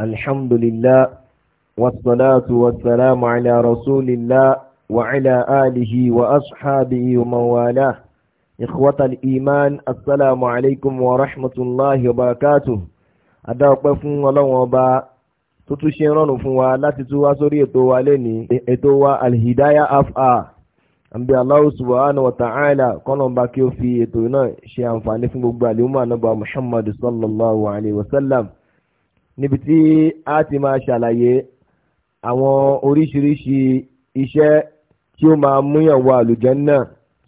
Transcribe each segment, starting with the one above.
الحمد لله والصلاة والسلام على رسول الله وعلى آله وأصحابه ومن إخوة الإيمان السلام عليكم ورحمة الله وبركاته أدعوك فون الله وبا تتشيرون فون لا تتوى سوري إتوى لني إتوى الهداية أفعى àbí Allahu subhanahu wa ta'ala kọ́nàmbá kí ó fi ètò náà ṣe àǹfààní fún gbogbo àlèmọ́ ànábà níbi tí a ti máa ṣàlàyé àwọn oríṣiríṣi iṣẹ́ tí ó máa múyàn wọ àlùjànnà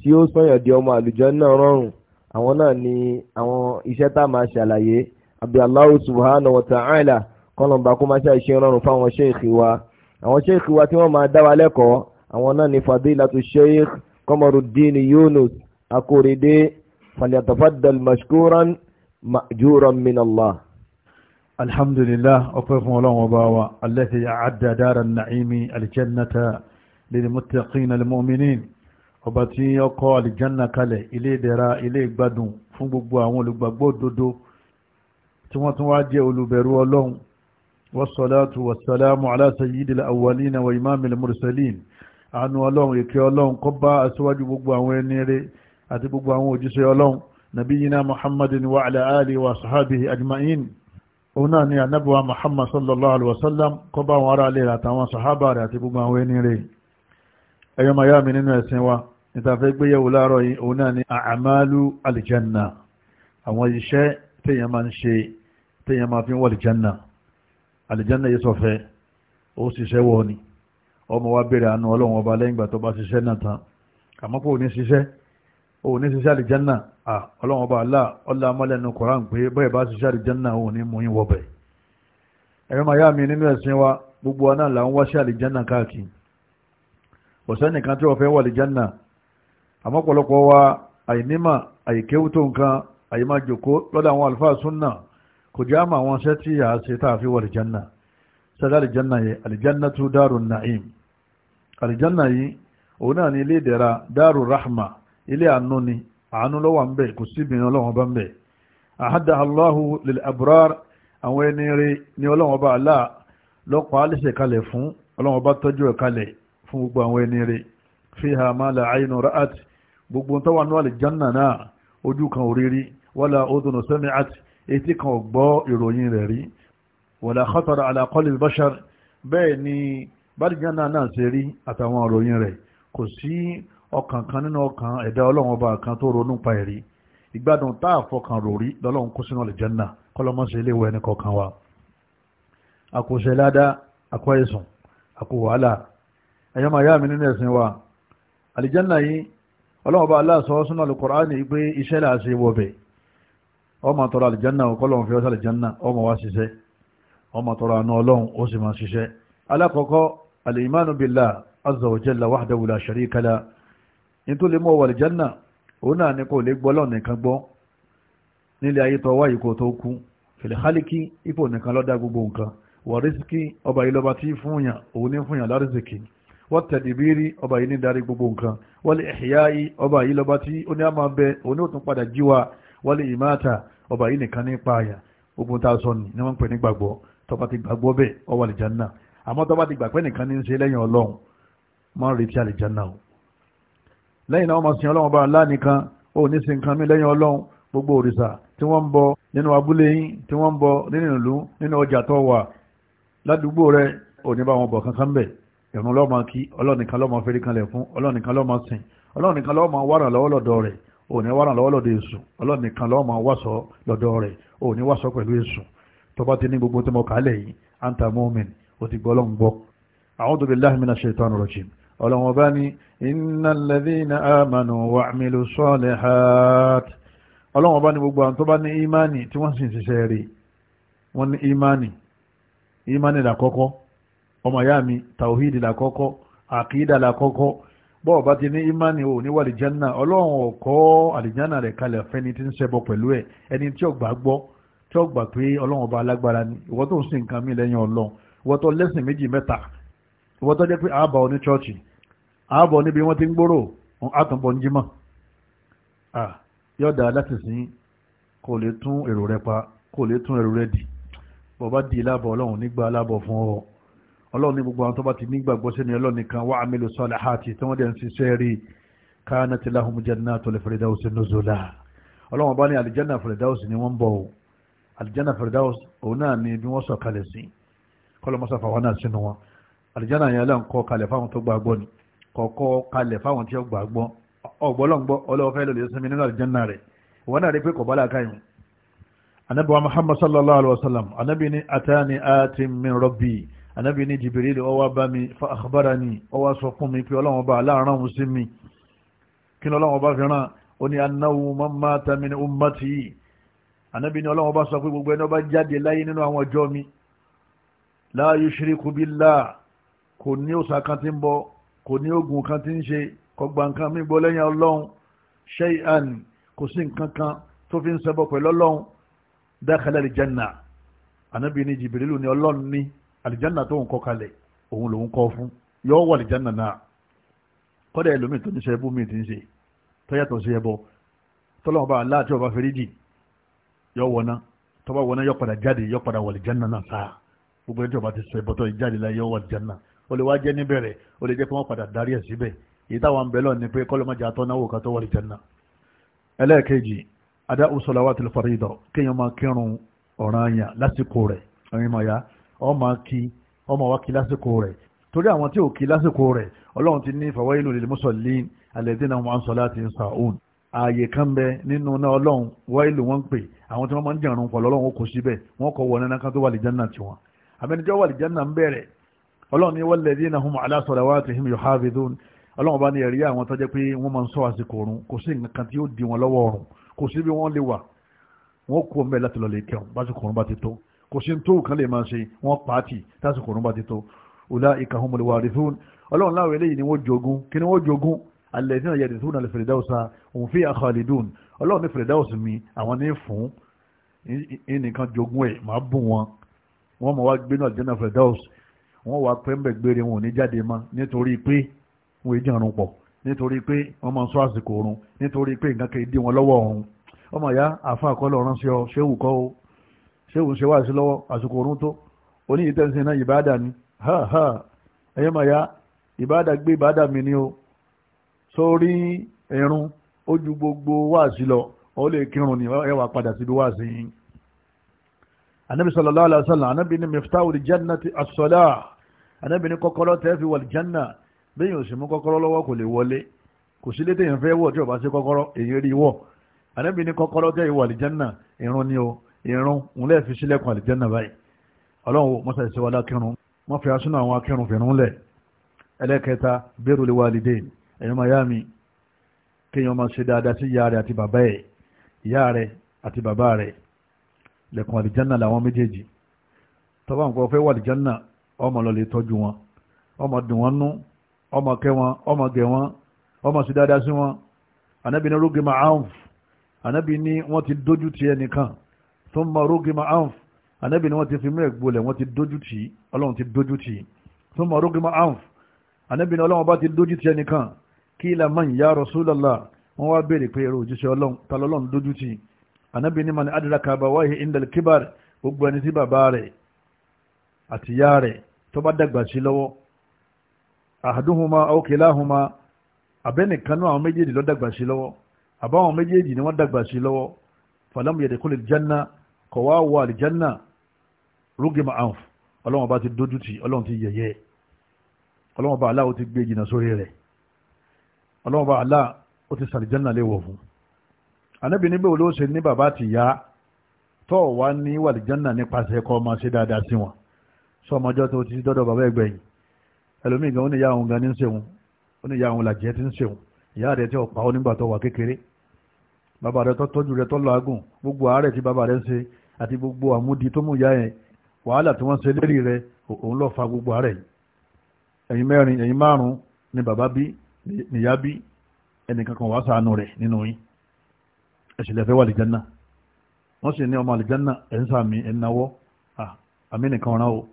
tí ó sọ̀yàn di ọmọ àlùjànnà rọrùn àwọn náà ni àwọn iṣẹ́ tá a máa ṣàlàyé àbí Allahu subhanahu wa ta'ala kọ́lọ̀mbà kó máa ṣàìṣe rọrùn fáwọn ṣéèkì wa àwọn ṣéèkì wa tí wọ́n máa dá wa lẹ́kọ̀ọ́ àwọn náà ni fadilatu sheikh Qamaruddin Yunus Akorede falyatafaddal mashkuran ma'juran min alhamdulillah ọpẹ́ fún ọlọ́run ọba wa allati a'adda dara na'imi aljannata lilmuttaqina almu'minin ọba tí ó kọ́ aljanna kalẹ̀ ilé ìdẹ̀ra ilé ìgbádùn fún gbogbo àwọn olùgbàgbọ́ òdodo tí wọ́n tún wá jẹ́ olùbẹ̀rù ọlọ́run wassalatu wassalamu ala sayyidil òun náà ni anábíwá muhammad sallallahu alaihi wasallam kọ́ bá wọn ará lè àtàwọn sàhábà rẹ̀ àti gbogbo àwọn ẹni rẹ̀ ẹyọ ma yá mi nínú ẹ̀sìn wa ìtafẹ́ gbéyẹ̀wò láàárọ̀ yìí òun náà ni àmàlù alìjanna àwọn iṣẹ́ téèyàn máa ń ṣe téèyàn máa fi ń òun ní ṣiṣẹ́ àlìjánà ọlọ́run ọba alá ọlá amọ́lẹ́nu koran pé bẹ́ẹ̀ bá ṣiṣẹ́ àlìjánà òun ní mú yín wọ̀bẹ̀ ẹ̀rọ màá yá mi nínú ẹ̀sìn wa gbogbo wa náà là ń wáṣẹ́ àlìjánà káàkiri ọ̀sẹ́nìkan tí wọ́n fẹ́ wà àlìjánà àmọ́ pọ̀lọpọ̀ wa àìnímà àìkéwú tó nǹkan àyèmájòkó lọ́dọ̀ àwọn àlùfáà súnà kò já mà àwọn iṣẹ́ tí a ṣe tá a fi ilé àánú ni àánú ló wà ń bẹ̀ kò sí ìbìnrin ọlọ́wọ́n bá ń bẹ̀ àhádà Allahu lil abrar àwọn ẹni rẹ̀ ni ọlọ́wọ́n bá aláà lọ́pàá lẹ́sẹ̀ kalẹ̀ fún ọlọ́wọ́n bá tọ́jú ẹ̀ kalẹ̀ fún gbogbo àwọn ẹni rẹ̀ fiha ma la aynu ra'at gbogbo tó wà ní àlìjánà náà ojú kan ò rírí wala udhunu sami'at etí kan ò gbọ́ ìròyìn rẹ̀ rí wala khatara ala bashar bẹ́ẹ̀ ni bàlìjánà náà ṣe rí àtàwọn ìròyìn rẹ̀ kò sí ọkàn kan nínú ọkàn ẹ̀dá ọlọ́run ọba kan tó ronú pa ẹ̀rí ìgbádùn tá a fọkàn ròrí lọ́lọ́run kó sínú àlùjánnà kọ́lọ́mọ́sẹ̀ ilé ìwé ẹnì kọ̀ọ̀kan wa àkóṣe ládàá àkó ẹ̀sùn àkó wàhálà ẹ̀yọ́ màá yá mi nínú ẹ̀sìn wa àlùjánnà yìí ọlọ́run ọba Allah sọ sínú Al-Qur'ani pé iṣẹ́ là á ṣe wọ̀bẹ̀ ọmọ tọrọ àlùjánnà kọ́lọ́run fi ọ́sẹ̀ àlùjánnà ọmọ wa ṣiṣẹ́ ọmọ tọrọ àánú ọlọ́run ó sì ní tó lè mọ́ wà lìjánà òun náà ni kò lè gbọ́ lọ́nà nìkan gbọ́ nílé ayé tó wáyé kò tó kú fìlìkálíkì ipò nìkan lọ́dá gbogbo nǹkan wà rísíkì ọba yìí lọ́ba tí fúnyàn òun ní fúnyàn lárísíkì wọ́n tẹ̀dìbírí ọba yìí ní darí gbogbo nǹkan wọ́n ọba yìí lọ́ba tí ó ní àmà bẹ òun ní òtún padà jíwa wọ́n lè ọba yìí nìkan ní pààyà ogun tá a sọ ni wọ́n ń pè ní gbàgbọ́ tọba ti gbàgbọ́ bẹ́ẹ̀ ọwọ́ àlìjánná àmọ́ tọba ti gbàgbẹ́ nìkan ní ń ṣe lẹ́yìn ọlọ́run máa ń retí àlìjánná o lẹ́yìn náà wọ́n máa sin ọlọ́run bá ńlá nìkan ó ní sin nǹkan mi lẹ́yìn ọlọ́run gbogbo òrìṣà tí wọ́n ń bọ nínú abúlé yín tí wọ́n ń bọ nínú ìlú nínú ọjà tó wà ládùúgbò rẹ ò ní bá wọn bọ̀ kankan bẹ̀ ẹ̀rùn lọ́ọ́ máa kí ọlọ́run nìkan lọ́ọ́ máa fẹ́rí kanlẹ̀ fún ọlọ́run nìkan lọ́ọ́ sìn ọlọ́run nìkan lọ́ọ́ máa wárà lọ́wọ́ lọ́dọ̀ rẹ̀ ò ní wárà lọ́wọ́ lọ́dọ̀ èṣù ọlọ́run nìkan lọ́ọ́ wàṣọ lọ́dọ̀ rẹ̀ ò wàṣọ pẹ̀lú èṣù tó bá ti ní gbogbo tí mo kà yìí anta mu'min ò ti gbọ́ ọlọ́run gbọ́ a'udhu billahi minash shaitani rajim ọlọ́run ọba ní إن الذين na وعملوا الصالحات ọlọ́wọ́n bá ní gbogbo àwọn tó bá ní ìmánì tí wọ́n sì ti ní ìmánì ò ní wàlì jẹ́nà ọlọ́run ọ̀kọ́ àlìjánà rẹ̀ kalẹ̀ fẹ́ni tí ń ṣẹbọ pẹ̀lú ẹ̀ ẹni tí ó gbà gbọ́ ni ìwọ tó ń sin nǹkan mí lẹ́yìn ọlọ́run ìwọ tó ààbọ̀ níbi wọ́n ti ń gbòòrò àtúnbọ̀ ní jímọ̀ yọ̀dà láti sìn kò lè tún èrò rẹ pa kò lè tún èrò rẹ dì bọ̀bá di lábọ̀ ọlọ́run nígbà lábọ̀ fún ọ ọlọ́run ní gbogbo àwọn tó bá ti nígbàgbọ́ sínú ọlọ́run nìkan wà ámìlú salihati tí wọ́n dẹ̀ ń ṣiṣẹ́ rí kanat lahum jannatul firdausi nuzula ọlọ́run bá ní àlìjánà firdausi ni wọ́n ń bọ̀ àlìjánà firdausi òun náà ni bí wọ́n sọ kalẹ̀ sí kọ́lọ́mọ́sáfà wọn náà sínú wọn àlìjánà yẹn lẹ́ǹkọ́ kalẹ̀ fáwọn tó gbàgbọ́ ni kọ̀ọ̀kọ́ kalẹ̀ fáwọn tí ó gbà gbọ́ ọ̀gbọ́lọ́gbọ́ ọlọ́wọ́ fẹ́ lòlẹ́ sinmi nínú àlùjánnà rẹ̀ wọ́n náà rí pé kọ̀bálà káyùn anabi wa muhammad sallallahu alaihi wasallam anabi ni atani ati min rabbi anabi ni jibril ó bá mi fa akhbarani ó wá sọ fún mi pé ọlọ́wọ́ bá aláàrán òun sí mi kí lọ́wọ́ bá fi ràn ó ní anáwó mamata min ummati anabi ni ọlọ́wọ́ bá sọ pé gbogbo ẹni ó jáde láyé nínú àwọn ọjọ́ mi la yushriku billah kò ní òsà ti ń bọ́ kò ní oògùn kan tí ń ṣe kọgbà nǹkan mí gbọ́ lẹ́yìn ọlọ́run ṣẹ́yàn kò sí nǹkan kan tó fi ń ṣẹbọ pẹ̀lú ọlọ́run dákàlẹ̀ àlìjánà ànábì ní jìbìrìlù ní ọlọ́run ní àlìjánà tó ń kọ́ kalẹ̀ òun lòun kọ́ fún yọ́ wọ àlìjánà náà kọ́dà ẹlòmíì tó ní ṣe ẹbú mi ti ń ṣe tọ́yàtọ̀ sí ẹbọ tọ́lọ́mọba aláàtí ọba fèrèdì yọ wọná tọ́ba wọná yọ padà jáde yọ padà wọ àlìjánà náà sáà gbogbo ẹjọba ti sọ ẹbọ tó jáde láyé yọ wọ àlìjánà náà ó lè wá jẹ́ níbẹ̀rẹ̀ ó lè jẹ́ pé wọ́n padà darí ẹ̀ síbẹ̀ èyí táwọn ń bẹ lọ ni pé kọ́lọ́mọ́jà àtọ́náwó kan tó wọlé jẹ́nà ẹlẹ́ẹ̀kejì adá usalawatil farida kéèyàn máa kírun ọ̀ranyàn lásìkò rẹ̀ ẹ̀yin màá ya ọ máa kí ọ máa wá kí lásìkò rẹ̀ torí àwọn tí ò kí lásìkò rẹ̀ ọlọ́run ti ní fawailul lil musallin alladhina hum an salatihim sahun ààyè kan bẹ nínú náà ọlọ́run wáìlù wọn ń pè àwọn tí wọ́n máa ń jẹun wà lìjánà tiwọn ń bẹ̀rẹ̀ ọlọ́run ni walladhina hum ala salawatihim yuhafidhun ọlọ́run bá ní ẹ̀rí àwọn tó jẹ́ pé wọ́n máa ń sọ àsìkò ọ̀run kò sí nǹkan tí ó di wọn lọ́wọ́ ọ̀run kò sí bí wọ́n lè wà wọ́n kú ọmọ ẹ̀ láti lọ lè kẹun básìkò ọ̀run bá ti tó kò sí tó kan lè máa ṣe wọ́n pàátì tásìkò ọ̀run bá ti tó ulaika humul warithun wọ́n wà pẹ́ńbẹ̀ gbére wọn ò ní jáde mọ́ nítorí pé wọ́n èjì àrùn pọ̀ nítorí pé wọ́n máa ń sọ àsìkò oorun nítorí pé nǹkan kan dí wọn lọ́wọ́ ọ̀run ọmọ ìyá àfa àkọlọ̀ ránṣẹ́ ọ ṣéwù kọ́ o ṣéwù ṣe wá sí lọ́wọ́ àsìkò oorun tó oní ìtẹ́sìn náà ìbáàdà ni ha ha ẹ̀yẹ́ mọ̀ ya ìbáàdà gbé ìbáàdà mi ni o sórí ẹ̀rùn ojú gbogbo wáàsí lọ ọ lè kírun ni ẹ wà padà síbi wáàsí yín anabi sallallahu alaihi wasallam anabi ni miftahu li jannati as-salah anabi ni kọ́kọ́rọ́ tẹ́ fi wal janna bẹ́ẹ̀ yóò sì mú kọ́kọ́rọ́ lọ́wọ́ kò lè wọlé kò sí létẹ̀ yẹn fẹ́ wọ̀ tí o bá sí kọ́kọ́rọ́ èyí rí wọ̀ anabi ni kọ́kọ́rọ́ tẹ́ ìwà àlìjánà irun ni o irun òun lẹ́ẹ̀ fi sílẹ̀kùn àlìjánà báyìí ọlọ́run mọ́sá ìṣẹ́wádá kírun wọ́n fi asúnà àwọn akírun fìrún lẹ̀ ẹlẹ́kẹta bẹ́rù lè walidain ẹ̀yọ́ mayami kéèyàn máa ṣe dáadáa sí ìyá àti bàbá rẹ̀ àti bàbá rẹ̀ lẹ́kùn àlìjánà làwọn méjèèjì tọ́ba nǹkan fẹ́ wà àlìjánà ọmọ lọ lè tọ́jú wọn ọmọ dùn wọn nú ọmọ kẹ́ wọn ọmọ gẹ̀ wọn ọmọ sì dáadáa sí wọn anábì ní rúgì máa áǹf anábì ní wọ́n ti dójú ti ẹnìkan tó ń ma rúgì máa áǹf anábì ní wọ́n ti fi mú ẹ̀gbọ́lẹ̀ wọ́n ti dójú ti ọlọ́run ti dójú ti tó ń ma rúgì máa áǹf ní ọlọ́run bá ti dójú ti ẹnìkan kí ilà máa ń yá Rasulullah wọ́n wá béèrè pé èrò òjíṣẹ́ ọlọ́run ta lọ́lọ́run dójú ti anábì ní mani adraka abawahi indal kibar gbogbo ẹni tí bàbá rẹ̀ àti ìyá rẹ̀ tó bá dàgbà sí lọ́wọ́ ahaduhuma aw kilahuma abẹ́nìkan náà àwọn méjèèjì ló dàgbà sí lọ́wọ́ àbáwọn méjèèjì ni wọ́n dàgbà sí lọ́wọ́ falamu yadkhul aljanna kò wá wọ aljanna rúgìmọ̀ àǹf ọlọ́wọ́n bá ti dójú ti ọlọ́wọ́n ti yẹ̀yẹ́ ọlọ́wọ́n bá aláwọ̀ ti gbé jìnà sórí rẹ̀ ọlọ́wọ́n bá aláà ó ti sàlìjánà léwọ̀ fún anábì níbẹ̀ ló ṣe ní bàbá àti ìyá tó wà ní wàlìjánà nípasẹ̀ ẹ̀kọ́ ọmọ sí dáadáa sí wọn sọ ọmọjọ́ tó ti dọ́dọ̀ bàbá ẹgbẹ́ yìí ẹlòmíì gan ó ní ìyá òun gan ní ń ṣeun ó ní ìyá òun làjẹ́ ti ń ṣeun ìyá rẹ̀ tí ó pa ó nígbà tó wà kékeré bàbá rẹ̀ tó tọ́jú rẹ̀ tó lọ agùn gbogbo àárẹ̀ tí bàbá rẹ̀ ń ṣe àti gbogbo àmúdi tó mú ìyá yẹn wàhálà tí wọ́n ṣe lérí rẹ̀ òun fa gbogbo àárẹ̀ yìí ẹ̀yin mẹ́rin ẹ̀yin márùn ni bàbá bí níyá bí ẹnìkan kan ẹ̀sìnlẹ̀ fẹ́ wà àlìjánná wọ́n sì ní ọmọ àlìjánná ẹ̀ ń sàmì ẹ̀ ń nawọ́ àmì nìkan rán o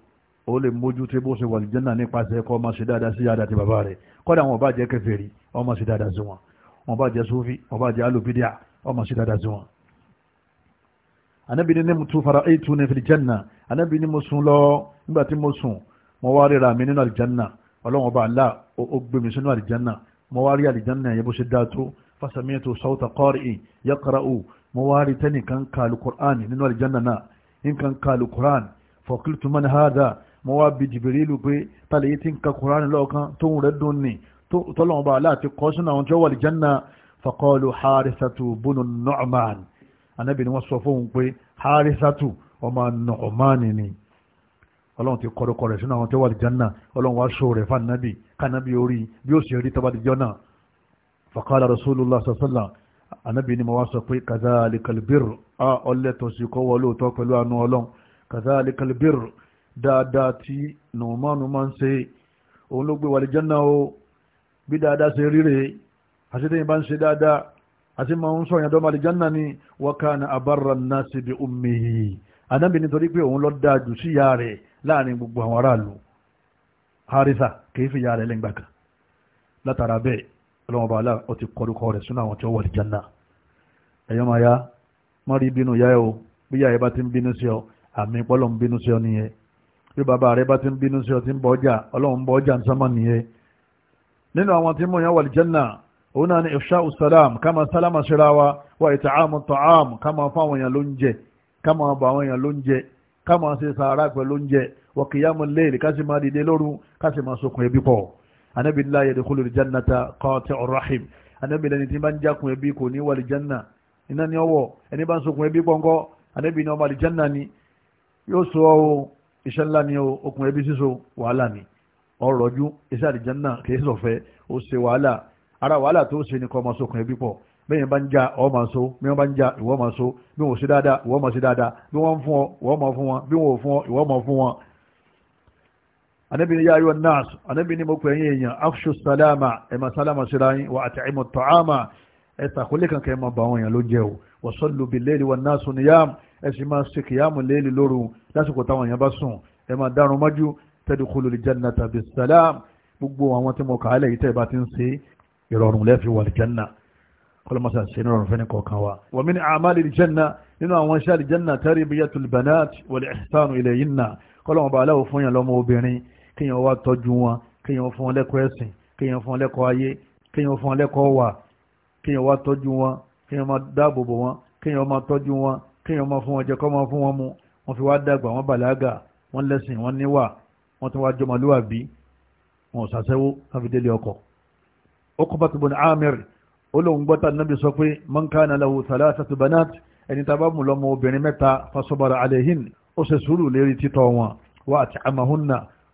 ó lè mójú tí bó ṣe wà àlìjánná nípasẹ̀ ẹ̀kọ́ ọmọ sí dáadáa sí yáda ti bàbá rẹ̀ kọ́dà wọn bá jẹ́ kèfèrí ọmọ sí dáadáa sí wọn wọn bá jẹ́ sufi wọn bá jẹ́ alubidia ọmọ sí dáadáa sí wọn. ànábì ní mo tún fara eight two ní fi jẹ́nà ànábì ní mo sùn lọ nígbà tí mo sùn mo wá ríra mi nínú àlìjánná ọlọ́wọ́n bá ńlá ó gbé mi sínú àlìjánná mo wá rí àlìjánná yẹn bó ṣe dáa tó fasamitu sauta qari'in yaqra'u mawari tanikan kalu qur'an nínú aljanna na nkan kalu qur'an fa qultu man hadha mawabi jibril pé tale yi tin ka qur'an lọ́kan tó ń redun to tolorun ba la ti ko suna on jo wal janna fa harisatu bunu nu'man anabi ni wọ́n sọ fún harisatu o ma nu'man ni ọlọ́run ti kọ́dọ̀kọ́ rẹ̀ àwọn tó wà lìjánà ọlọ́run wá sọ rẹ̀ fún ànábì kánábì orí bí ó sì rí tọ́badìjọ́ náà fàkàlà rasulullah sasala anabi ni mo wá sọ pé kazalikal birr a ọlẹ́tọ̀ sí kọ́ wọlé òótọ́ pẹ̀lú àánú ọlọ́run kazalikal birr dáadáa tí nùmọ́nù máa ń ṣe òun ló gbé wàlẹ̀ jẹ́nà o bí dáadáa ṣe ríre àti tẹ́yìn bá ń ṣe dáadáa àti máa ń sọ ìyàndọ́ wàlẹ̀ jẹ́nà ni wa kana abarra nasi bi ummihi anabi nítorí pé òun lọ dáa jù sí ìyá rẹ̀ láàrin gbogbo àwọn aráàlú harisa kìí fi ìyá rẹ̀ lẹ́ngbàkan látara bẹ́ẹ̀ ọlọ́wọ́n bá aláà ó ti kọ́dúkọ́ rẹ̀ sínú àwọn tí ó wọ̀ lìjánà ẹ̀yọ́ máa yá má rí bínú yá ẹ o bí yá ẹ bá ti ń bínú sí ọ àmì pọ́lọ́ ń bínú sí ọ nìyẹn bí bàbá rẹ bá ti ń bínú sí ọ ti ń bọ ọjà ọlọ́run bọ ọjà ń nìyẹn nínú àwọn tí mo yàn wọ̀ lìjánà òun náà ni ifṣá usalam ká salama sálámà wa wà ìta àmú tọ́ àmú ká máa fún àwọn èèyàn lóúnjẹ ká máa bọ àwọn èèyàn lóúnjẹ ká máa ṣe sàárà pẹ̀lú oúnjẹ wọ̀kìyàmù léèlì ká dìde lóru ká sì máa pọ̀ anábì ńlá yẹ dẹkọlù ìjánata kọ́ọ̀tì ọ̀rọ̀hìm anábì lẹni tí bá ń jákun ẹbí kò ní wàlì jánà iná ní ọwọ́ ẹni bá ń sokun ẹbí pọ́ńkọ́ anábì ní ọmọ àlìjánà ni yóò sọ ọ́ iṣẹ́ ńlá ni okùn ẹbí síso wàhálà ni ọ̀rọ̀jú iṣẹ́ àlìjánà kìí sọ̀fẹ́ ó ṣe wàhálà ara wàhálà tó ṣe ni kọ́ ọmọ sokun ẹbí pọ̀ bẹ́yìn bá ń já ọ máa so bí wọ́n bá ń já ìwọ máa so bí wọ́n ò ṣe dáadáa ìwọ máa ṣe dáadáa bí wọ́n ń fún ọ ìwọ máa fún wọn bí wọ́n ò fún ọ ìwọ máa fún wọn anabi ni ya ayo nas anabi ni mo pe yin eyan afshu salama ẹ ma salama sira yin wa at'imu ta'ama ẹ ta kule kan ke ma ba wọn yan ló jẹ o wa sallu bil layli wan nas niyam ẹ sì ma ṣe qiyamu layli lóru lásìkò táwọn yan bá sùn ẹ ma dárun mọ́jú tadkhulu al jannata bis salam gbogbo àwọn tí mo kà á lẹ́yìn tẹ́ bá ti ń ṣe ìrọ̀rùn lẹ́fi wal janna kọlọmọsá ṣe ní ọ̀rọ̀ fẹ́ni kọ̀ọ̀kan wa wa min a'mali al janna nínú àwọn iṣẹ́ al janna tarbiyatul banat wal ihsanu ilayhinna kọlọmọba aláwọ̀ fún yàn lọ́mọ obìnrin kéèyàn wá tọ́jú wọn kéèyàn fún wọn lẹ́kọ̀ọ́ ẹ̀sìn kéèyàn fún wọn lẹ́kọ̀ọ́ ayé kéèyàn fún wọn lẹ́kọ̀ọ́ wà kéèyàn wá tọ́jú wọn kéèyàn máa dáàbò bò wọn kéèyàn máa tọ́jú wọn kéèyàn máa fún wọn jẹ kó máa fún wọn mu wọ́n fi wá dàgbà wọ́n bàlágà wọ́n lẹ́sìn wọ́n níwà wọ́n tún wá jọmọlúwàbí wọn ò sàṣẹ́wó káfí délé ọkọ̀ Uqbat ibn Amir olóhùn gbọ́ta nábì sọ pé man banat ẹni tàbá mú lọ́mọ obìnrin mẹ́ta fasọ́bàrà alẹ́hìn ó ṣe sùúrù lérí títọ́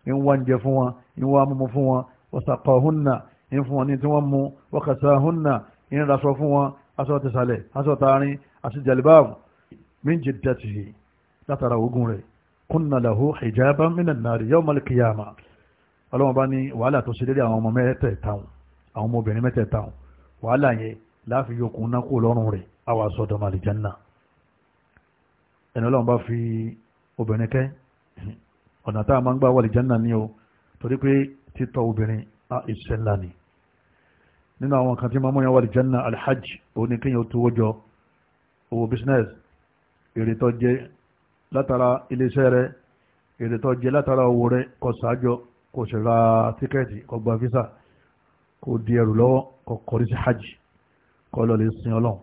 ń wá oúnjẹ fún wọn ń wá mímu fún wọn wasaqahunna ń fún wọn ní tí wọ́n mu wakasahunna ń raṣọ fún wọn aṣọ tẹsàlẹ̀ aṣọ taarin àti jalibaabu min jiddatihi látara ogun rẹ̀ kunna lahu hijaban minan nari yawmal qiyamah ọlọ́wọ́n bá ní wàhálà tó ṣe dédé àwọn ọmọ mẹ́tẹ̀ẹ̀tàun àwọn ọmọbìnrin mẹ́tẹ̀ẹ̀tàun wàhálà yẹn láàfin yòókùn náà kó lọ́rùn rẹ̀ àwa sọ́dọ̀ màlìjánná ẹni ọlọ́wọ́n fi obìnrin kẹ́ ọ̀nà tá a máa ń gbà wà lìjánà ní o torí pé títọ́ obìnrin á ìṣẹ́ ńlá ni nínú àwọn kan tí máa mú yan wà lìjánà alhajj ó ní kíyàn tó wọ́jọ owó business èrè tó jẹ látara iléeṣẹ́ rẹ èrè tó jẹ látara owó rẹ kó ṣáájọ kó sì ra tíkẹ́ẹ̀tì kó gba visa kó di ẹrù lọ́wọ́ kó kọrí sí hajj kó lọ lè sin ọlọ́run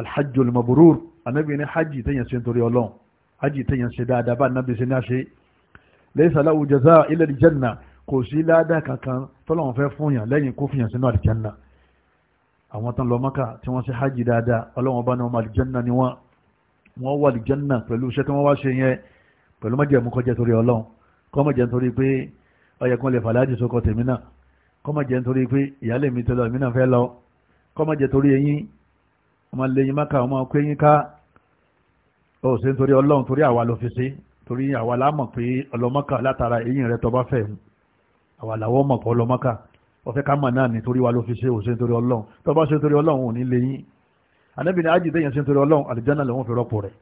alhajj olùmọ̀bùrúr anábìyẹn ní hajj tẹ̀yẹ̀ sí nítorí ọlọ́run ájì tẹ̀yàn ṣe dáadáa bá nàbì ṣe ní àṣẹ laysa lahu jaza illa al-janna kò sí ládàá kankan tọ́lọ́wọ́n fẹ́ fún yàn lẹ́yìn kó fi yàn sínú àlìjánná àwọn tán lọ mọ́kà tí wọ́n ṣe hajj dáadáa ọlọ́wọ́n bá ní wọn àlìjánná ni wọ́n wọ́n wà àlìjánná pẹ̀lú iṣẹ́ tí wọ́n wá ṣe yẹn pẹ̀lú májẹ̀mú kọjá torí ọlọ́run kọ́ májẹ̀ nítorí pé ọyẹ ó ṣe nítorí ọlọ́run torí àwa ló fi ṣe torí àwa la mọ̀ pé ọlọ́mọ́kà látara eyín rẹ tó bá fẹ́ àwa làwọ́ mọ̀ pé ọlọ́mọ́kà ọ̀fẹ́ ká mọ̀ náà nítorí wa ló fi ṣe ó ṣe nítorí ọlọ́run tó bá ṣe nítorí ọlọ́run ò ní lè yín anábì ní ájì téèyàn ṣe nítorí ọlọ́run àlìjánà lòun fi rọ́pò rẹ̀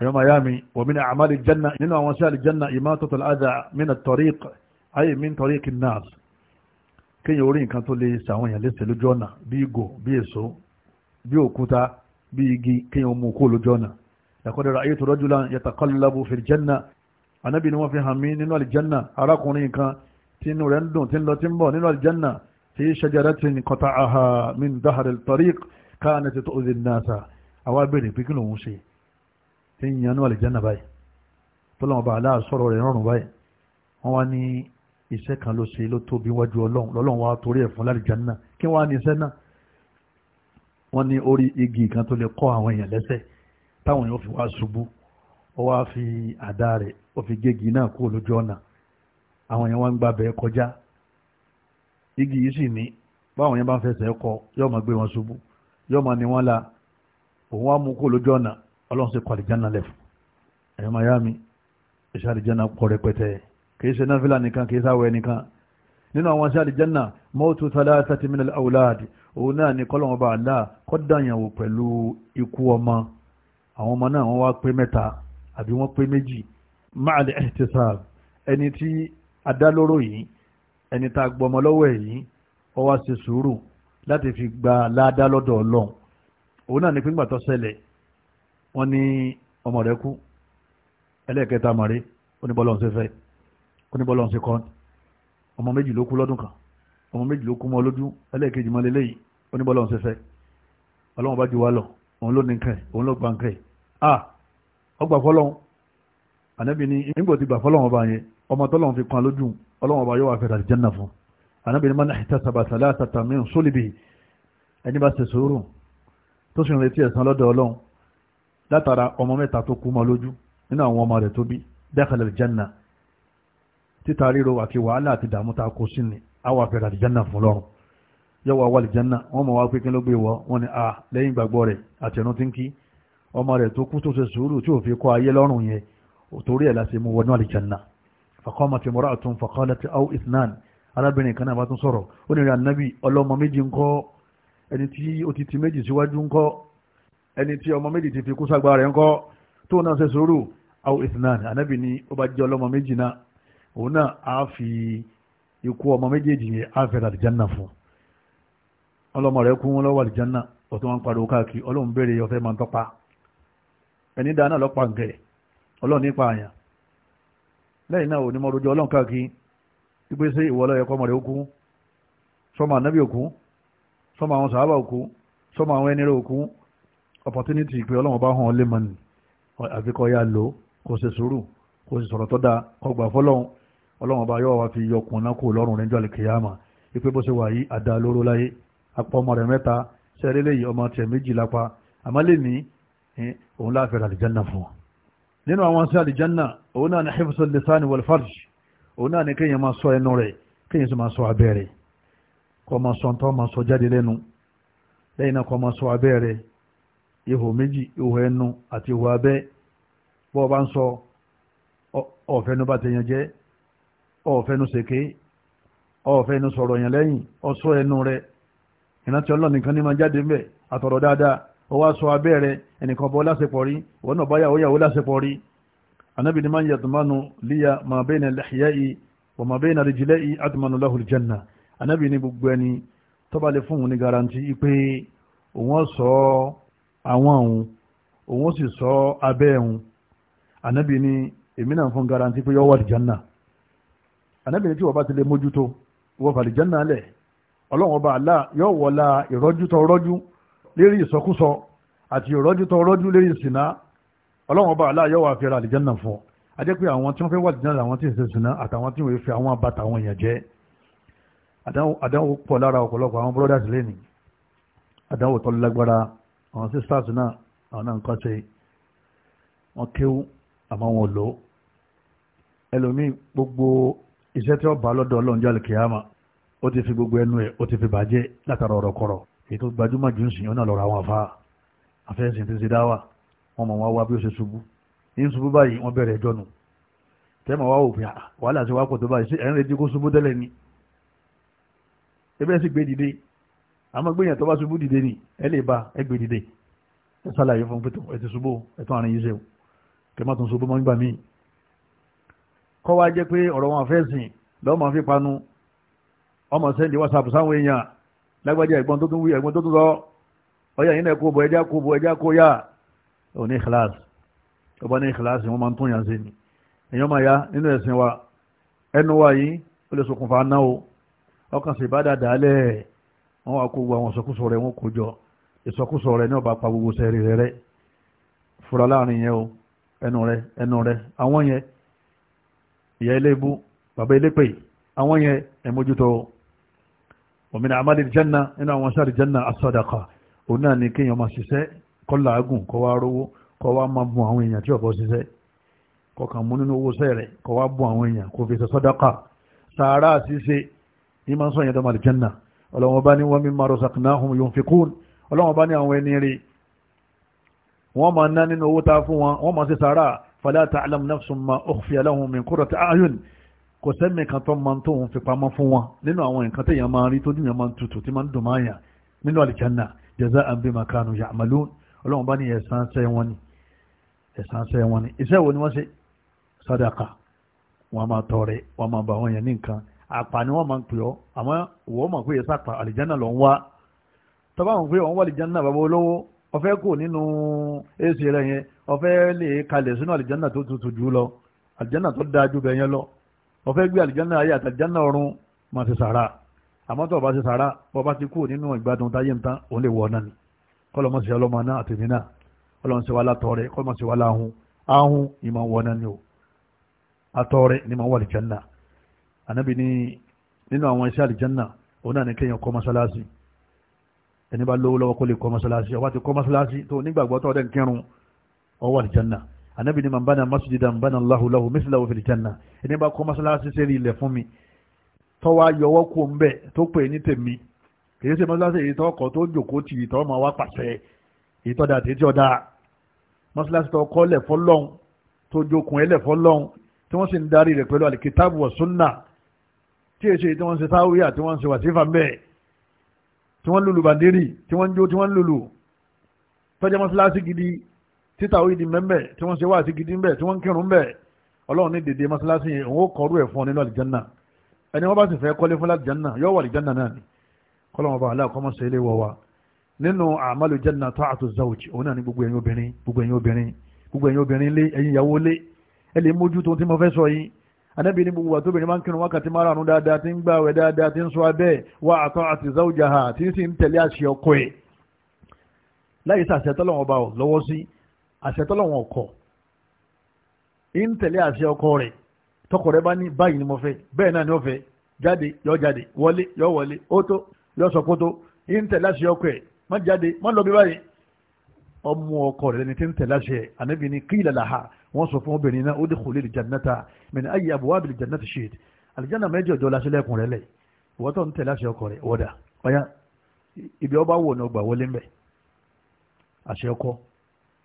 ẹ̀yọ́ miami wọ̀mí ni àmàlì jẹ́nà nínú àwọn sí àlìjánà ìmọ̀ tó tọ̀lá àdà mínà tọ̀rík ayé mi tọ̀rík nas kéèyàn orí nǹkan tó lè ṣàwọn èèyàn léṣe lójú ọ̀nà bí ìgò bí èso bí òkúta bí igi kéèyàn mú kó lójú ọ̀nà laqad ra'aytu rajulan yataqallabu fil janna anábì ni wọ́n fi hàn mí nínú àlìjánà arákùnrin kan tí inú rẹ̀ ń dùn tí ń lọ tí ń bọ̀ nínú àlìjánà fi shajaratin qata'aha min dhahril tariq kanat tu'zi an-nasa àwa béèrè pé kí lòun ṣe tí ń yan nínú àlìjánà báyìí tó lọ́wọ́ bá aláà sọ̀rọ̀ rẹ̀ rọrùn báyìí wọ́n wá ní iṣẹ́ kan ló ṣe ló tóbi wájú ọlọ́run lọ́lọ́run wá torí ẹ̀ fún lálìjánà kí wọ́n á ní iṣẹ́ náà wọ́n ní orí igi kan tó lè kọ́ àwọn èèyàn lẹ́sẹ̀ táwọn yóò fi wá ṣubú ó wá fi àdá rẹ̀ ó fi gégi náà kúrò lójú ọ̀nà àwọn yẹn wá ń gbàbẹ̀ kọjá igi yìí sì ní báwọn yẹn bá ń fẹsẹ̀ kọ yóò máa gbé wọn ṣubú yóò máa ní wọn la òun wá mú kúrò lójú ọ̀nà ọlọ́run sì kọ àlìjáná lẹ̀ fún ẹ̀yọ́ mayami iṣẹ́ àlìjáná pọ̀ rẹpẹtẹ kìí ṣe náfìlà nìkan kìí sáwẹ̀ nìkan nínú àwọn iṣẹ́ àlìjáná mọ́tò thalathati min al òun náà ní kọ́lọ́wọ́n àwọn ọmọ náà wọ́n wá pé mẹ́ta àbí wọ́n pé méjì máàlì ẹ̀tẹ́sàb ẹni tí adálóró yìí ẹni tá a gbọmọ lọ́wọ́ ẹ̀ yìí ó wá ṣe sùúrù láti fi gba ládá lọ́dọ̀ ọlọ́run òun náà ní pínpà tó ṣẹlẹ̀ wọ́n ní ọmọ rẹ̀ kú ẹlẹ́ẹ̀kẹta mọ̀rẹ́ oníbọ́lọ́n ṣe fẹ́ oníbọ́lọ́n ṣe kọ́ ọmọ méjì ló kú lọ́dún kan ọmọ méjì ló kú mọ́ lójú ẹlẹ́ẹ̀kejì mọ́ lélẹ́yìí oníbọ́lọ́n ṣe fẹ́ ọlọ́run bá ju wa lọ òun ló ní nǹkan ẹ̀ òun ló gba nǹkan ẹ̀ ah ọgbà fọlọ́hún ànábì ní nígbà tí gbà fọlọ́hún ọba yẹn ọmọ tọ́lọ́hún fi kan lójú ọlọ́hún ọba yóò wá fẹ́ràn àlìjánná fún ànábì ní mọ́nà ìta sàbàtà látàtà mìíràn sólìbì ẹni bá ṣe sòrò tó sì ń retí ẹ̀san lọ́dọ̀ ọlọ́hún látara ọmọ mẹ́ta tó kú mọ́ lójú nínú àwọn ọmọ rẹ̀ tó bí dákàlẹ̀ àlìjánná títa ríro àti wàhálà àti dààmú tá kó sí ni á wà fẹ́ràn àlìjánná fún lọ́rùn yọ wà wàlì jẹ́nà wọ́n mọ̀ wá pé kí ló gbé wọ́ wọ́n ni a ah, lẹ́yìn gbàgbọ́ rẹ̀ àtẹ̀nú tí ń kí ọmọ rẹ̀ tó kú tó ṣe sùúrù tí ò fi kọ́ ayé lọ́rùn yẹn torí ẹ̀ láti mú wọnú àlìjẹ́nà fàkọ́mà ti mọ́ra àtún fàkọ́lá ti áwù ìtnan arábìnrin kan náà bá tún sọ̀rọ̀ ó ní rẹ̀ ànábì ọlọ́mọ méjì ń kọ́ ẹni tí ó ti ti méjì síwájú ń kọ́ ẹni tí ọmọ méjì ti fi kú ságbá rẹ̀ ń kọ́ tó náà ṣe sùúrù áwù ìtnan ànábì ni ó bá jẹ́ ọlọ́mọ méjì náà òun náà á fi ikú ọmọ méjèèjì yẹn á fẹ́ àlìjẹ́nà fún un ọlọ́mọ rẹ̀ kú wọn lọ́wọ́ àlìjánná ọ̀tún wọn pariwo káàkiri ọlọ́run béèrè ọ̀fẹ́ máa ń tọ́pa ẹni dáná lọ́pàá ǹkẹ́ ọlọ́run nípa àyàn lẹ́yìn náà òní mọ́rojọ ọlọ́run káàkiri wípé sí ìwọ ọlọ́yẹ kọ́mọ rẹ̀ òkú sọmọ ànábì òkú sọmọ àwọn sàábà òkú sọmọ àwọn ẹni rẹ̀ òkú opportunity pé ọlọ́run bá hàn lé mọ́ni àfikọ́ ya lò kò ṣe sùúrù kò sì sọ̀rọ̀ tó dáa ọgbà fọlọ́run ọlọ́run bá yọ wá fi yọkùn náà kò lọ́rùn rẹ̀ jọ́lẹ̀ kìyàmà wípé bó ṣe wà yí àdá lóró láyé apá ọmọ rẹ̀ mẹ́ta sẹ́rí léyìí ọmọ tiẹ̀ méjì lápá àmọ́ lè ní òun láàfẹ́ àlìjánà fún wọn nínú àwọn sí àlìjánà òun náà ní hifzul lisani wal farj òun náà ní kéèyàn máa sọ ẹnu rẹ̀ kéèyàn sì máa sọ abẹ́ rẹ̀ kọ́ máa sọ ntọ́ máa sọ jáde lẹ́nu lẹ́yìn náà kọ́ máa sọ abẹ́ rẹ̀ ihò méjì ihò ẹnu àti ihò abẹ́ bọ́ ọ bá ń sọ ọ̀fẹ́nu bá tẹ̀yàn jẹ́ ọ̀fẹ́nu ṣèké ọ̀fẹ́nu sọ̀rọ̀ yàn lẹ́yìn ọ̀sọ́ ẹnu rẹ̀ ìrántí ọlọ́run nìkan ní máa jáde ń bẹ̀ àtọ̀rọ̀ dáadáa ó wá sọ abẹ́ rẹ ẹnìkan bọ́ lásìpọ̀ rí ìwọ náà báyàwó yàwó lásìpọ̀ rí anábì ní máa ń yàtọ̀ mánu líya ma bayna lihyai wa ma bayna rijlai lahu aljanna anábì ní gbogbo ẹni tó bá lè ní garanti pé òun sọ àwọn òun òun sì sọ abẹ́ òun anábì ní èmi garanti pé yọ wà aljanna anábì ní tí wọ́n bá ti ọlọ́run ọba àlá yóò wọlá ìrọ́jú tó rọ́jú lérí ìsọkúsọ àti ìrọ́jú tó rọ́jú lérí ìsìná ọlọ́run ọba àlá yóò wà fẹ́ra àlìjánà fún ọ ajẹ́ pé àwọn tí wọ́n fẹ́ wà àlìjánà làwọn tí ń ṣe ìsìná àtàwọn tí wọ́n fi àwọn àbàtà àwọn èèyàn jẹ́ àdánwò pọ̀ lára ọ̀pọ̀lọpọ̀ àwọn brothers lẹ́nìí àdánwò tó lágbára àwọn sisters náà àwọn náà ń kọ́ ṣe wọ́n kéwú àmọ́ wọn lò ẹlòmíì gbogbo iṣẹ́ tí wọ́n bá lọ́dọ̀ ọlọ́run jálè kìámà ó ti fi gbogbo ẹnu ẹ̀ ó ti fi bàjẹ́ látara ọ̀rọ̀ kọ̀rọ̀ èyí tó gbajúmọ̀ jù ń sìn yọ́n náà lọ́rọ̀ àwọn àfa àfẹ́sìn ti ṣe dáwà wọ́n mọ̀ wá wá bí ó ṣe ṣubú ní ṣubú báyìí wọ́n bẹ̀rẹ̀ ẹjọ́ nù tẹ́mọ̀ wá òfin wàhálà sí wá pọ̀ tó báyìí sí ẹ̀rín retí kó ṣubú tẹ́lẹ̀ ni ẹbẹ́ sì gbé dìde àmọ́ gbéyàn tó bá ṣubú dìde ni ẹ lè ba ẹ gbé dìde ẹ sálàyé fún pétó ẹ ti ṣubú ẹ̀tọ́ àrùn yìí ṣe o kẹ má tún ṣubú mọ́ nígbà míì kọ́ wá jẹ́ pé ọ̀rọ̀ wọn àfẹ́sìn lọ́ọ́ máa fi panu ọmọ sẹ́ndì whatsapp sáwọn èèyàn lágbájá ẹ̀gbọ́n tó tún wí ẹ̀gbọ́n tó tún sọ ọyà yìí náà kó bọ ẹjá kó bọ ẹjá kó yá ò ní ìkìláàsì ọba ní ìkìláàsì wọn máa ń tún yàn sí ni èèyàn máa ya nínú ẹ̀sìn wa ẹnu wa yìí ó lè ṣokùnfà aná o ọkàn sì bá dàda alẹ́ wọn wá kó gbogbo àwọn ìsọkúsọ rẹ wọn kó jọ ìsọkúsọ rẹ ní ọba pa gbogbo sẹ́rí rẹ rẹ fura láàrin yẹn o ẹnu rẹ ẹnu rẹ àwọn yẹn ìyá ilé ibú bàbá ilé pè àwọn yẹn ẹ̀ òmìnira amadi janna nínú àwọn sáré janna asọ́dàkà òun náà ni kéèyàn máa ṣiṣẹ́ kó làágùn kó wá rówó kó wá máa bùn àwọn èèyàn tí ọ̀bọ ṣiṣẹ́ kó kàn mú nínú owó sẹ́rẹ̀ kó wá bùn àwọn èèyàn kó fi ṣe sọ́dàkà sàárà ṣíṣe ní máa ń sọ̀yìn dọ́mà àlìjánà ọlọ́wọ́n bá ní wọ́n mi máa rọ̀sàkìnáhùn yunfikun ọlọ́wọ́n bá ní àwọn ẹni rí wọ́n máa ná nínú owó tá fún wọn wọ́n máa ṣe sàárà fala ta'lam nafsun ma ukhfiya lahum min qurrati a'yun kò sẹ́mi kan tó máa ń tóun fi pamọ́ fún wọn nínú àwọn nǹkan téèyàn máa rí tójú yẹn máa ń tutù tí máa ń dùn máa yàn nínú àlìjánà jaza'an bima kanu ya'malun ọlọ́run bá ní ẹ̀sán sẹ́ wọn ni ẹ̀sán sẹ́ wọn ni iṣẹ́ wo ni wọ́n ṣe sadaka wọn máa tọrẹ wọn máa bá wọn yẹn ní nǹkan àpà ni wọ́n máa ń pè ọ́ àmọ́ wọ́n mọ̀ pé ẹ̀sán àpà àlìjánà lọ́ ń wá tọ́ba wọn pé wọ́n wà àlìjánà bàbá olówó ọ̀fẹ́ kò tó dáa ju bẹ́ẹ̀ lọ ó fẹ́ gbé àlìjánná ayé àtàlìjánná ọ̀run máa ṣe sàrà àmọ́ tó o bá ṣe sàrà bó o bá ti kú nínú ìgbádùn táyé nǹkan ò lè wọ̀ náà ni kọ́lọ́mọ sí ọlọ́mọ náà àtẹ̀mí náà kọ́lọ́mọ sí wa látọ̀ rẹ̀ kọ́lọ́mọ sí wa láhùn áhùn ìmọ̀ wọ̀ náà ni o atọ́ rẹ̀ ni máa wà àlìjánná ànábì ní nínú àwọn iṣẹ́ àlìjánná òun náà ni kéèyàn kọ́ mọ́sálásí ẹni bá lówó lọ́wọ́ kó lè kọ́ mọ́sálásí ó bá ti kọ́ mọ́sálásí tó nígbàgbọ́ tó ọdẹ ń kírun àlìjánná anabi ni man bana masjidan bana Allahu lahu mislahu fil janna ẹni bá kọ́ masalasi sẹ́rí ilẹ̀ fún mi tọ́wọ́ yọwọ́ kó ń bẹ̀ tó pè ní tèmi kìí ṣe masalasi èyí tó kọ́ tó jòkó tì í tọ́ ma wá pàṣẹ èyí tó da àti tí ó da masalasi tó kọ́ lẹ̀ fọlọ́n tó jokùn ẹ̀ lẹ̀ fọlọ́n tí wọ́n sì ń darí rẹ̀ pẹ̀lú alikitaabu wa sunna tí èyí ṣe tí wọ́n ṣe sáwíyà tí wọ́n ṣe wàsífà mbẹ́ tí wọ́n lulu bàndírì tí wọ́n jó tí wọ́n lulu tọ́jà masalasi gidi títà òyìnbí mẹ́mbẹ̀ tí wọ́n ṣe wá àti gidi ńbẹ̀ tí wọ́n ń kírun ńbẹ̀ ọlọ́run ní dèdè mọ́sálásí yẹn òun ó kọrú ẹ̀ fún ọ nínú àlìjánná ẹni wọ́n bá sì fẹ́ kọ́lé fún àlìjánná yóò wà àlìjánná náà ni kọ́lọ́mọ bá aláà kọ́mọ sẹ́lẹ̀ wọ̀ wá nínú àmàlù jẹ́nà ta'atu zawj òun náà ni gbogbo ẹ̀yin obìnrin gbogbo ẹ̀yin obìnrin gbogbo ẹ̀yin obìnrin lé ẹ̀yin ìyàwó lé ẹ lè mójú tó tí mo fẹ́ sọ yìí anábì ní gbogbo àṣẹ tọ́lọ́wọ̀n ọkọ ń tẹ̀lé àṣẹ ọkọ rẹ̀ tọkọ rẹ̀ bá ní báyìí ni mo fẹ́ bẹ́ẹ̀ náà ni ó fẹ́ jáde yọ jáde wọlé yọ wọlé ó tó yọ sọ kó tó ń tẹ̀lé àṣẹ ọkọ ẹ̀ má jáde má lọ bí báyìí ọmọ ọkọ rẹ̀ ni ti ń tẹ̀lé àṣẹ ànábì ni kí ìlàlà ha wọ́n sọ fún obìnrin náà ó dé kòlè ìjànnáta mẹ́ni ayé àbúwá bìlì ìjànnáta ṣe àlìjáná mẹ́jọ jọ lásìlẹ̀kùn rẹ̀ lẹ̀ ìwọ́n ń tẹ̀lé àṣẹ ọkọ rẹ̀ wọ́dà ọ̀yá ibi ọba wò ni ọgbà wọlé ń bẹ̀ àṣẹ ọkọ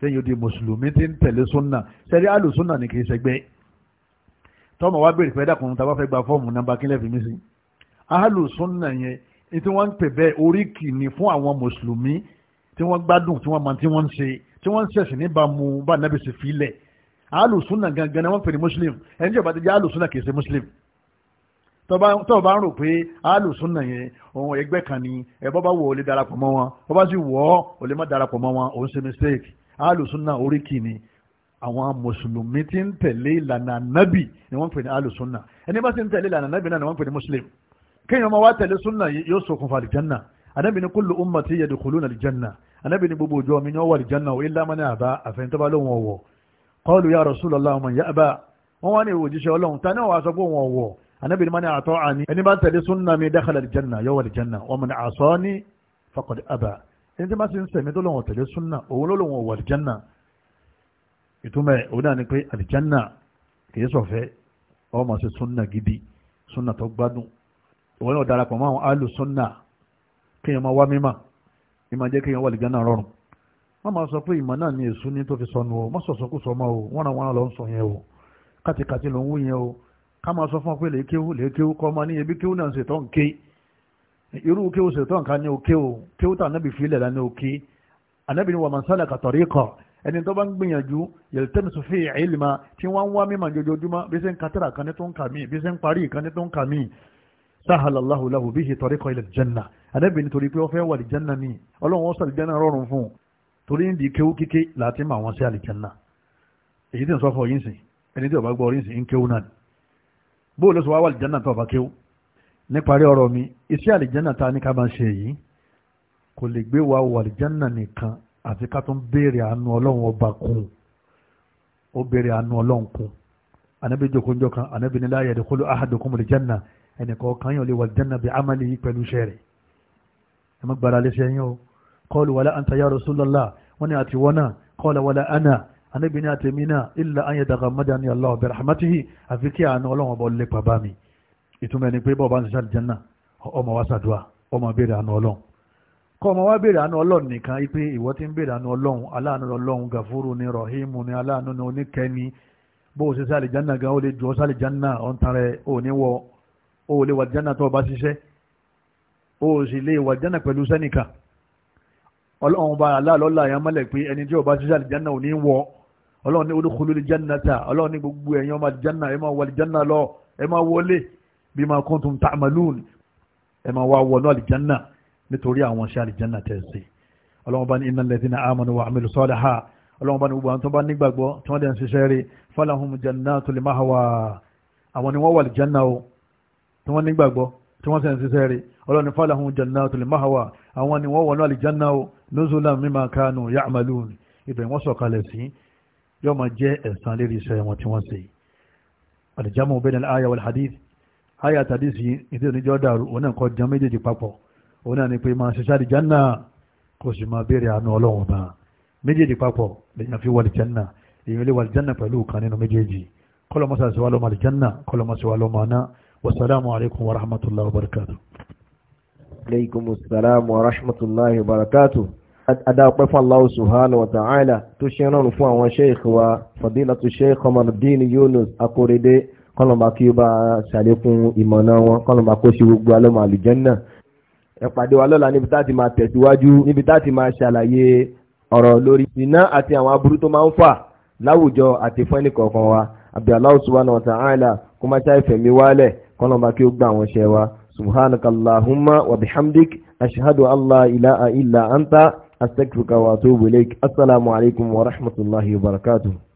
kéèyàn di mùsùlùmí tí ń tẹ̀lé súnà sẹ́rí àlù súnà ni kì í ṣẹgbẹ́ tọ́mọ̀ wá béèrè fẹ́dà kùnrin tàbá fẹ́ gba fọ́ọ̀mù nàmbà kílẹ̀ fi mí sí àlù súnà yẹn ní tí wọ́n ń pè bẹ́ẹ̀ oríkì ni fún àwọn mùsùlùmí tí wọ́n gbádùn tí wọ́n mọ tí wọ́n ń ṣe tí wọ́n ń ṣẹ̀sìn níbàámu bá nàbì sí filẹ̀ àlù súnà gangan ni wọ́n pè ní muslim ẹni tí ó bá muslim tọ́ bá ń rò pé alùsùnà yẹn òun ẹgbẹ́ kan ni ẹ̀bọ́ bá wọ̀ ọ́ lè darapọ̀ mọ́ wọn bọ́ mistake alùsùnà oríkì ni àwọn mùsùlùmí ti ń tẹ̀lé ìlànà nábì ni wọ́n ń pè ní alùsùnà ẹni bá ti ń tẹ̀lé ìlànà nábì náà ni wọ́n ń pè ní muslim kéèyàn máa wá tẹ̀lé súnà yóò ṣokùnfà àlìjánà anábì ní kullu ummati yadkhuluna àlìjánà anábì ní gbogbo òjò mi ni wà àlìjánà ò illa man aba lóun ọ̀wọ̀ qalu ya Rasulullah man ya'ba ẹni tí bá ti ń sẹ̀mí tó lọ́wọ́ tẹ̀lé súnà òun ló lọ́wọ́ wọ àlìjánà ìtumọ̀ òun náà ni pé àlìjánà kìí sọ̀fẹ́ ọ máa ṣe súnà gidi súnà tó gbádùn òun náà darapọ̀ mọ́ àwọn àlù súnà kéèyàn máa wá mímà ìmọ̀ jẹ́ kéèyàn wà àlìjánà rọrùn wọ́n máa sọ pé ìmọ̀ náà ni èso ní tó fi sọnù o má sọ̀sọ́ kó sọ ọmọ o wọ́n ra wọn lọ sọ yẹn o kàtìkàtì ló ń wú yẹn o ká máa sọ fún ọ pé lèékéwú lèékéwú kọ́ ọmọ níyẹn bí kéwú náà ń ṣètọ́ ń ké irú kéwò ṣètò nǹkan ní òkè o kéwò tó ànábì fílẹ̀ lá ní òkè ànábì ni wà man salaka tariqa ẹni tó bá ń gbìyànjú yaltamisu fihi ilma tí wọ́n ń wá mímọ̀ jojoojúmọ́ bí ṣe ń katara kan ní tó ń kà mí bí ṣe ń parí kan ní tó ń kà mí sahala Allahu lahu bihi tariqa ila al-janna ànábì ni torí pé ó fẹ́ wà al-janna ni ọlọ́run ó sọ níparí ọ̀rọ̀ mi iṣẹ́ àlìjánà ta ní ká máa ṣe yìí kò lè gbé wa wọ àlìjánà nìkan àti ká tún béèrè àánú ọlọ́run ọba kún ó béèrè àánú ọlọ́run kún anabi jokonjo kan anabi nílá yẹ dẹkọlù ahadukum àlìjánà ẹnìkan kan yóò lè wọ àlìjánà bí amali yìí pẹ̀lú iṣẹ́ rẹ̀ ẹ má gbára lẹ́sẹ̀ yín o kọlu wàlá anta ya rasulallah wọn ni àti wọn náà kọlu wàlá ana anabi ní àtẹ̀mí náà illa an dàgbà mọ́dà ìtumọ̀ ẹni pé bọ́ọ̀ bá ń ṣiṣẹ́ àlìjánná ọmọ wa ṣàdúrà ọmọ béèrè àánú ọlọ́run kọ́ ọmọ wa béèrè àánú ọlọ́run nìkan wípé ìwọ ti ń béèrè àánú ọlọ́run aláàánú ọlọ́run gàfúrú ni rọ̀hímù ni aláàánú ni oníkẹ́ni bó o ṣe sálì jánà gan o lè jù ọ sálì jánà ọ̀n tan rẹ o ní wọ o lè wà jánà tó o bá ṣiṣẹ́ o sì lè wà jánà pẹ̀lú sẹ́nìkà ọlọ́run bá aláàlọ́lá bima kuntum ta'malun ẹ máa wá wọnú àlìjánà nítorí àwọn ṣe àlìjánà tẹ̀ sí ọlọ́run bá ní innal ladhina amanu wa amilu saliha ọlọ́run bá ní gbogbo àwọn tó bá nígbàgbọ́ tí wọ́n dẹ̀ ń ṣiṣẹ́ rí falahum jannatul mahwa àwọn ni wọ́n wà àlìjánà o tí wọ́n nígbàgbọ́ tí wọ́n sì ń ṣiṣẹ́ rí ọlọ́run ní falahum jannatul mahwa àwọn ni wọ́n wọnú àyà tàdísì ìdí oníjọ́ dàrú òun náà kọ́ jẹun méjèèjì papọ̀ òun náà ni pé máa ṣiṣẹ́ àlìjánà kò sì máa béèrè àánú ọlọ́run náà méjèèjì papọ̀ lèyàn fi wàlì jánà èyàn lè wàlì jánà pẹ̀lú kan nínú méjèèjì kọlọmọsà sí wa lọ́mọ àlìjánà kọlọmọsà wa lọ́mọ aná wasalaamu alaykum wa rahmatulahi wa barakatu. aleykum salaam wa rahmatulahi wa barakatu. adáwọ̀pẹ́ fún Allahu subhanahu wa ta'ala tó ṣe rán fún àwọn sheikh wa fadilatu sheikh Qamaruddin Yunus Akorede kọ́lọ̀mbà kí ó bá ṣàlékún ìmọ̀nà wọn kọ́lọ̀mbà kó ṣe gbogbo alọ́mọ àlùjànnà ẹ pàdé wa lọ́la níbi tá ti máa tẹ̀síwájú níbi tá ti máa ṣàlàyé ọ̀rọ̀ lórí iná àti àwọn aburú tó máa ń fà láwùjọ àti fún ẹnì kọ̀ọ̀kan wa abdullahi subhanahu wa ta'ala kó má ṣáà ìfẹ̀mí wálẹ̀ kọ́lọ̀mbà kí ó gbà àwọn ṣẹ wa subhanakallahumma wa bihamdik ashhadu an ilaha illa anta astaghfiruka wa atubu ilaik assalamu alaikum wa rahmatullahi wa barakatuh